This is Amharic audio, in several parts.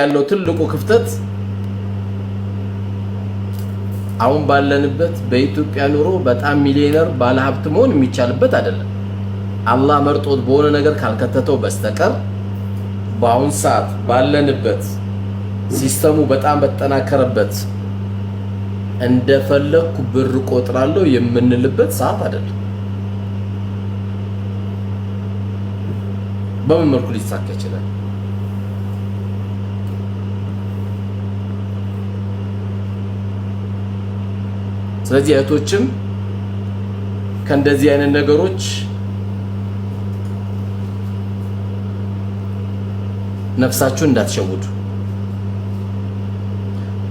ያለው ትልቁ ክፍተት አሁን ባለንበት በኢትዮጵያ ኑሮ በጣም ሚሊዮነር ባለሀብት መሆን የሚቻልበት አይደለም። አላህ መርጦት በሆነ ነገር ካልከተተው በስተቀር በአሁን ሰዓት ባለንበት ሲስተሙ በጣም በተጠናከረበት እንደፈለግኩ ብር ቆጥራለሁ የምንልበት ሰዓት አይደለም። በምን መልኩ ሊሳካ ይችላል? ስለዚህ እህቶችም ከእንደዚህ አይነት ነገሮች ነፍሳችሁን እንዳትሸውዱ።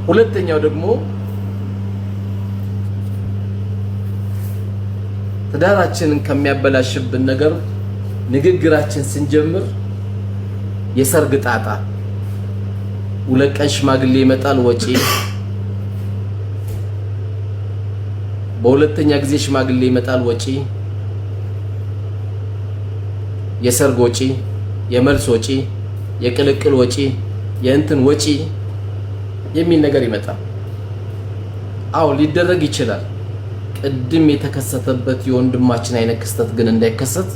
ሁለተኛው ደግሞ ትዳራችንን ከሚያበላሽብን ነገር ንግግራችን ስንጀምር የሰርግ ጣጣ ሁለት ቀን ሽማግሌ ይመጣል ወጪ በሁለተኛ ጊዜ ሽማግሌ ይመጣል። ወጪ የሰርግ ወጪ፣ የመልስ ወጪ፣ የቅልቅል ወጪ፣ የእንትን ወጪ የሚል ነገር ይመጣል። አዎ ሊደረግ ይችላል። ቅድም የተከሰተበት የወንድማችን አይነት ክስተት ግን እንዳይከሰት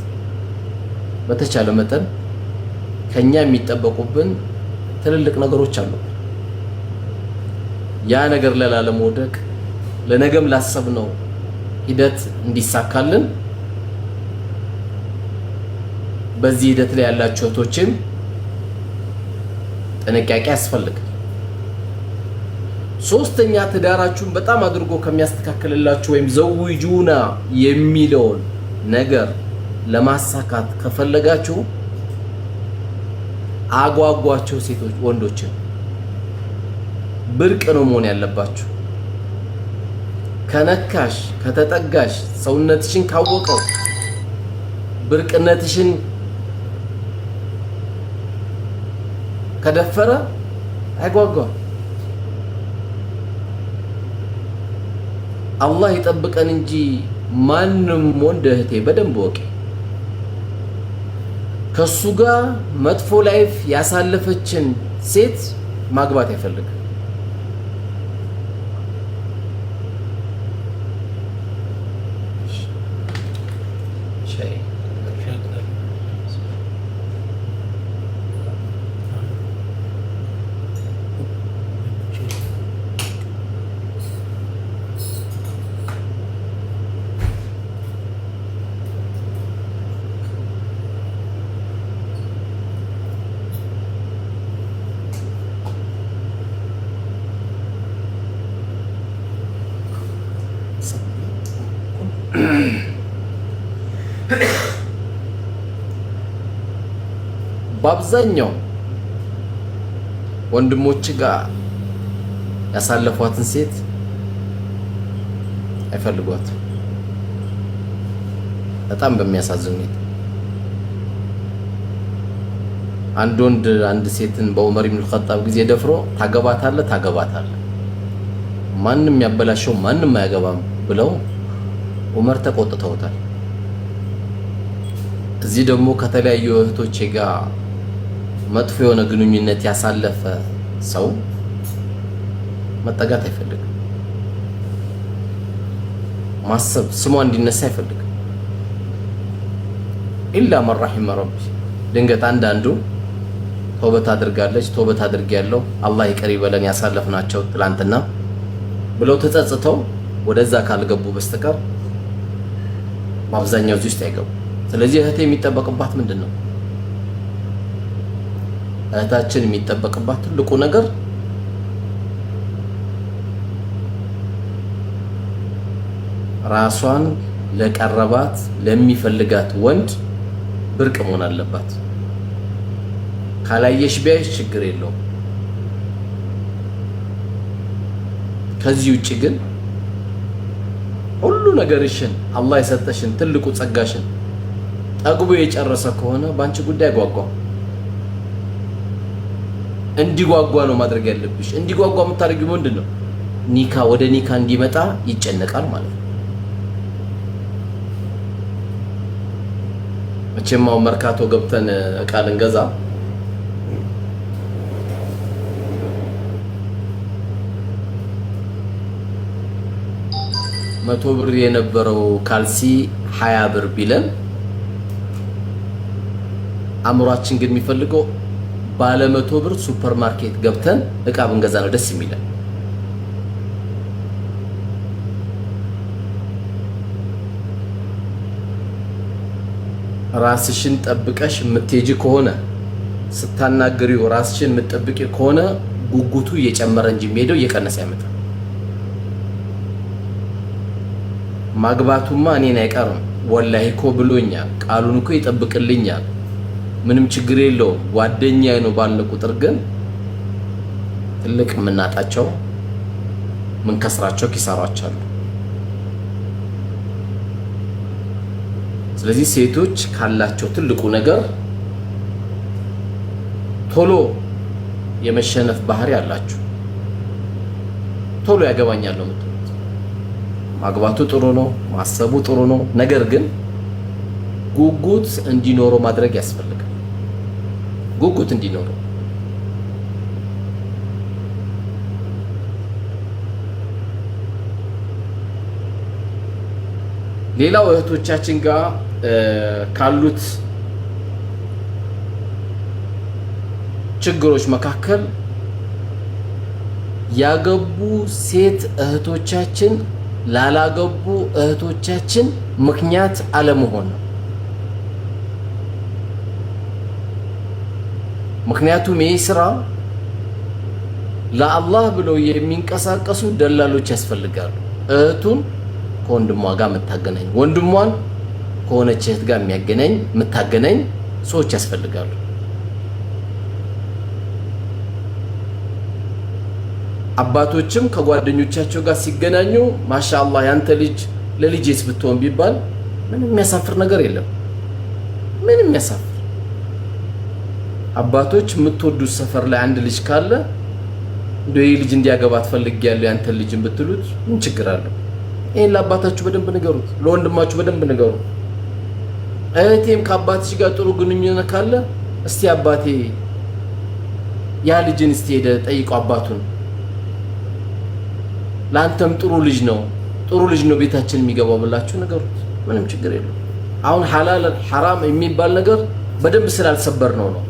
በተቻለ መጠን ከኛ የሚጠበቁብን ትልልቅ ነገሮች አሉ። ያ ነገር ላይ ላለመውደቅ ለነገም ላሰብነው ሂደት እንዲሳካልን በዚህ ሂደት ላይ ያላችሁ እህቶችም ጥንቃቄ ያስፈልጋል። ሶስተኛ ትዳራችሁን በጣም አድርጎ ከሚያስተካክልላችሁ ወይም ዘውጁና የሚለውን ነገር ለማሳካት ከፈለጋችሁ አጓጓቸው ሴቶች ወንዶችን ብርቅ ነው መሆን ያለባችሁ። ከነካሽ ከተጠጋሽ ሰውነትሽን ካወቀው ብርቅነትሽን ከደፈረ አይጓጓም። አላህ ይጠብቀን እንጂ ማንም ወንድ እህቴ በደንብ ወቂ። ከሱ ጋር መጥፎ ላይፍ ያሳለፈችን ሴት ማግባት አይፈልግም። Thursday. በአብዛኛው ወንድሞች ጋር ያሳለፏትን ሴት አይፈልጓትም። በጣም በሚያሳዝን ሁኔታ አንድ ወንድ አንድ ሴትን በኡመር ኢብኑል ኸጣብ ጊዜ ደፍሮ ታገባታለ ታገባታለ ማንም ያበላሸው ማንም አያገባም ብለው ኡመር ተቆጥተውታል። እዚህ ደግሞ ከተለያዩ እህቶቼ ጋር መጥፎ የሆነ ግንኙነት ያሳለፈ ሰው መጠጋት አይፈልግም። ማሰብ ስሟ እንዲነሳ አይፈልግም። ኢላ መን ረቢ። ድንገት አንዳንዱ ተውበት አድርጋለች ተውበት ያለው አላህ ይቅር ይበለን ያሳለፍናቸው ትላንትና ብለው ተጸጽተው ወደዛ ካልገቡ በስተቀር በአብዛኛው እዚህ ውስጥ አይገቡ። ስለዚህ እህቴ የሚጠበቅባት ምንድን ነው? እህታችን የሚጠበቅባት ትልቁ ነገር ራሷን ለቀረባት ለሚፈልጋት ወንድ ብርቅ መሆን አለባት። ካላየሽ ቢያይሽ ችግር የለውም። ከዚህ ውጭ ግን ሁሉ ነገርሽን አላህ የሰጠሽን ትልቁ ጸጋሽን ጠግቦ የጨረሰ ከሆነ በአንቺ ጉዳይ ጓጓ። እንዲጓጓ ነው ማድረግ ያለብሽ። እንዲጓጓ የምታደርጊው ምንድን ነው? ኒካ ወደ ኒካ እንዲመጣ ይጨነቃል ማለት ነው። መቼም አሁን መርካቶ ገብተን እቃ ልንገዛ መቶ ብር የነበረው ካልሲ ሀያ ብር ቢለን አእምሯችን ግን የሚፈልገው ባለ መቶ ብር ሱፐር ማርኬት ገብተን እቃ ብንገዛ ነው ደስ የሚለን። ራስሽን ጠብቀሽ የምትሄጂ ከሆነ ስታናግሪው ራስሽን የምትጠብቂ ከሆነ ጉጉቱ እየጨመረ እንጂ የሚሄደው እየቀነሰ አይመጣም። ማግባቱማ እኔን አይቀርም ወላሂ እኮ ብሎኛል፣ ቃሉን እኮ ይጠብቅልኛል ምንም ችግር የለው ጓደኛዬ ነው ባለ ቁጥር ግን ትልቅ የምናጣቸው ምንከስራቸው ኪሳራዎች አሉ። ስለዚህ ሴቶች ካላቸው ትልቁ ነገር ቶሎ የመሸነፍ ባህሪ አላችሁ። ቶሎ ያገባኛል ነው የምትሉት። ማግባቱ ጥሩ ነው፣ ማሰቡ ጥሩ ነው። ነገር ግን ጉጉት እንዲኖረው ማድረግ ያስፈልጋል። ጉጉት እንዲኖረው ሌላው እህቶቻችን ጋር ካሉት ችግሮች መካከል ያገቡ ሴት እህቶቻችን ላላገቡ እህቶቻችን ምክንያት አለመሆን ነው። ምክንያቱም ይህ ስራ ለአላህ ብለው የሚንቀሳቀሱ ደላሎች ያስፈልጋሉ። እህቱን ከወንድሟ ጋር የምታገናኝ ወንድሟን ከሆነች እህት ጋር የሚያገናኝ የምታገናኝ ሰዎች ያስፈልጋሉ። አባቶችም ከጓደኞቻቸው ጋር ሲገናኙ ማሻአላህ ያንተ ልጅ ለልጅ ብትሆን ቢባል ምንም የሚያሳፍር ነገር የለም። ምንም የሚያሳፍር አባቶች የምትወዱት ሰፈር ላይ አንድ ልጅ ካለ እንደ ይህ ልጅ እንዲያገባ ትፈልጊያለሁ ያንተ ልጅ ብትሉት ምን ችግር አለው? ይህን ለአባታችሁ በደንብ ንገሩት፣ ለወንድማችሁ በደንብ ንገሩ። እህቴም ከአባትሽ ጋር ጥሩ ግንኙነት ካለ እስቲ አባቴ ያ ልጅን እስቲ ሄደ ጠይቀው አባቱን ለአንተም ጥሩ ልጅ ነው ጥሩ ልጅ ነው ቤታችን የሚገባው ብላችሁ ንገሩት። ምንም ችግር የለው። አሁን ሐላል ሐራም የሚባል ነገር በደንብ ስላልሰበር ነው ነው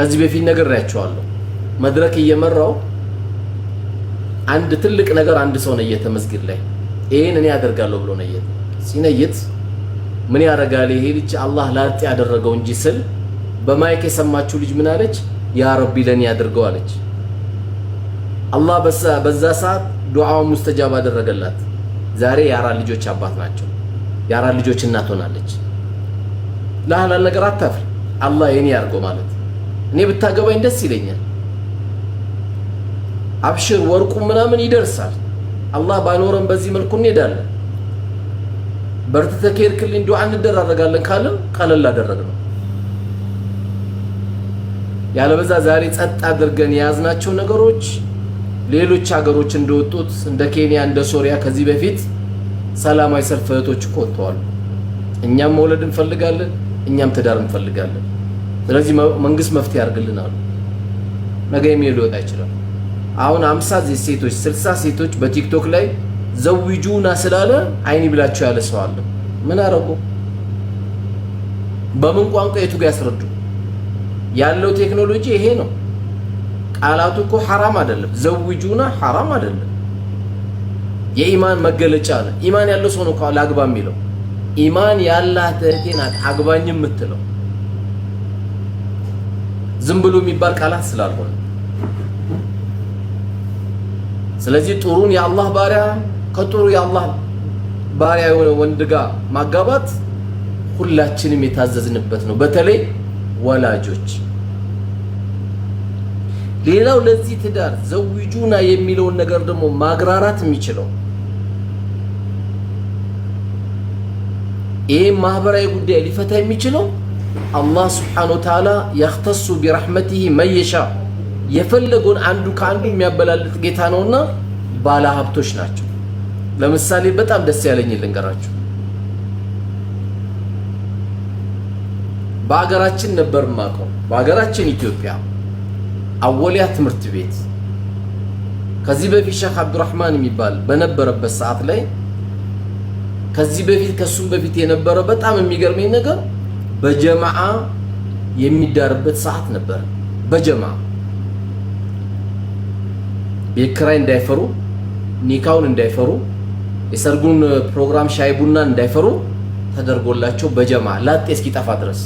ከዚህ በፊት ነግሬያቸዋለሁ። መድረክ እየመራው አንድ ትልቅ ነገር አንድ ሰው ነየተ መስጊድ ላይ ይሄን እኔ ያደርጋለሁ ብሎ ነየት ሲነይት ምን ያደርጋል ይሄ ልጅ አላህ ላጤ ያደረገው እንጂ ስል በማይክ የሰማችው ልጅ ምን አለች? ያ ረቢ ለኔ ያድርገው አለች። አላህ በዛ ሰዓት ዱዓው ሙስተጃብ አደረገላት። ዛሬ የአራት ልጆች አባት ናቸው። የአራት ልጆች እናት ሆናለች። ለሐላል ነገር አታፍር። አላህ የኔ ያድርገው ማለት እኔ ብታገባኝ ደስ ይለኛል። አብሽር ወርቁ ምናምን ይደርሳል። አላህ ባኖረን በዚህ መልኩ እንሄዳለን። በርትተህ ከሄድክልኝ ዱዓ እንደራረጋለን ካለን ቀለል አደረግነው። ያለበዛ ዛሬ ጸጥ አድርገን የያዝናቸው ነገሮች ሌሎች ሀገሮች እንደወጡት እንደ ኬንያ፣ እንደ ሶሪያ ከዚህ በፊት ሰላማዊ ሰልፍ እህቶች እኮ ወጥተዋል። እኛም መውለድ እንፈልጋለን፣ እኛም ትዳር እንፈልጋለን። ስለዚህ መንግስት መፍትሄ ያደርግልናሉ። ነገ የሚሄድ ሊወጣ ይችላል። አሁን አምሳ ሴቶች ስልሳ ሴቶች በቲክቶክ ላይ ዘዊጁና ስላለ አይኒ ብላቸው ያለ ሰው አለ። ምን አረጉ? በምን ቋንቋ የቱ ጋር ያስረዱ? ያለው ቴክኖሎጂ ይሄ ነው። ቃላቱ እኮ ሐራም አይደለም። ዘዊጁና ሐራም አይደለም። የኢማን መገለጫ ነው። ኢማን ያለው ሰው ነው ለአግባ የሚለው። ኢማን ያላት እህቴን አግባኝ የምትለው ዝም ብሎ የሚባል ቃላት ስላልሆነ ስለዚህ ጥሩን የአላህ ባሪያ ከጥሩ የአላህ ባሪያ የሆነ ወንድ ጋር ማጋባት ሁላችንም የታዘዝንበት ነው። በተለይ ወላጆች። ሌላው ለዚህ ትዳር ዘዊጁና የሚለውን ነገር ደግሞ ማግራራት የሚችለው ይህም ማህበራዊ ጉዳይ ሊፈታ የሚችለው አላህ ስብሓነ ወተዓላ ያክተሱ ቢረሕመቲሂ መየሻ የፈለገውን አንዱ ከአንዱ የሚያበላልጥ ጌታ ነውና ባለ ሀብቶች ናቸው። ለምሳሌ በጣም ደስ ያለኝ ልንገራችሁ። በሀገራችን ነበር የማውቀው፣ በሀገራችን ኢትዮጵያ አወሊያ ትምህርት ቤት ከዚህ በፊት ሼክ አብዱራህማን የሚባል በነበረበት ሰዓት ላይ ከዚህ በፊት ከሱም በፊት የነበረ በጣም የሚገርመኝ ነገር በጀማዓ የሚዳርበት ሰዓት ነበር። በጀማ ቤት ኪራይ እንዳይፈሩ፣ ኒካውን እንዳይፈሩ፣ የሰርጉን ፕሮግራም ሻይ ቡናን እንዳይፈሩ ተደርጎላቸው በጀማ ላጤ እስኪጠፋ ድረስ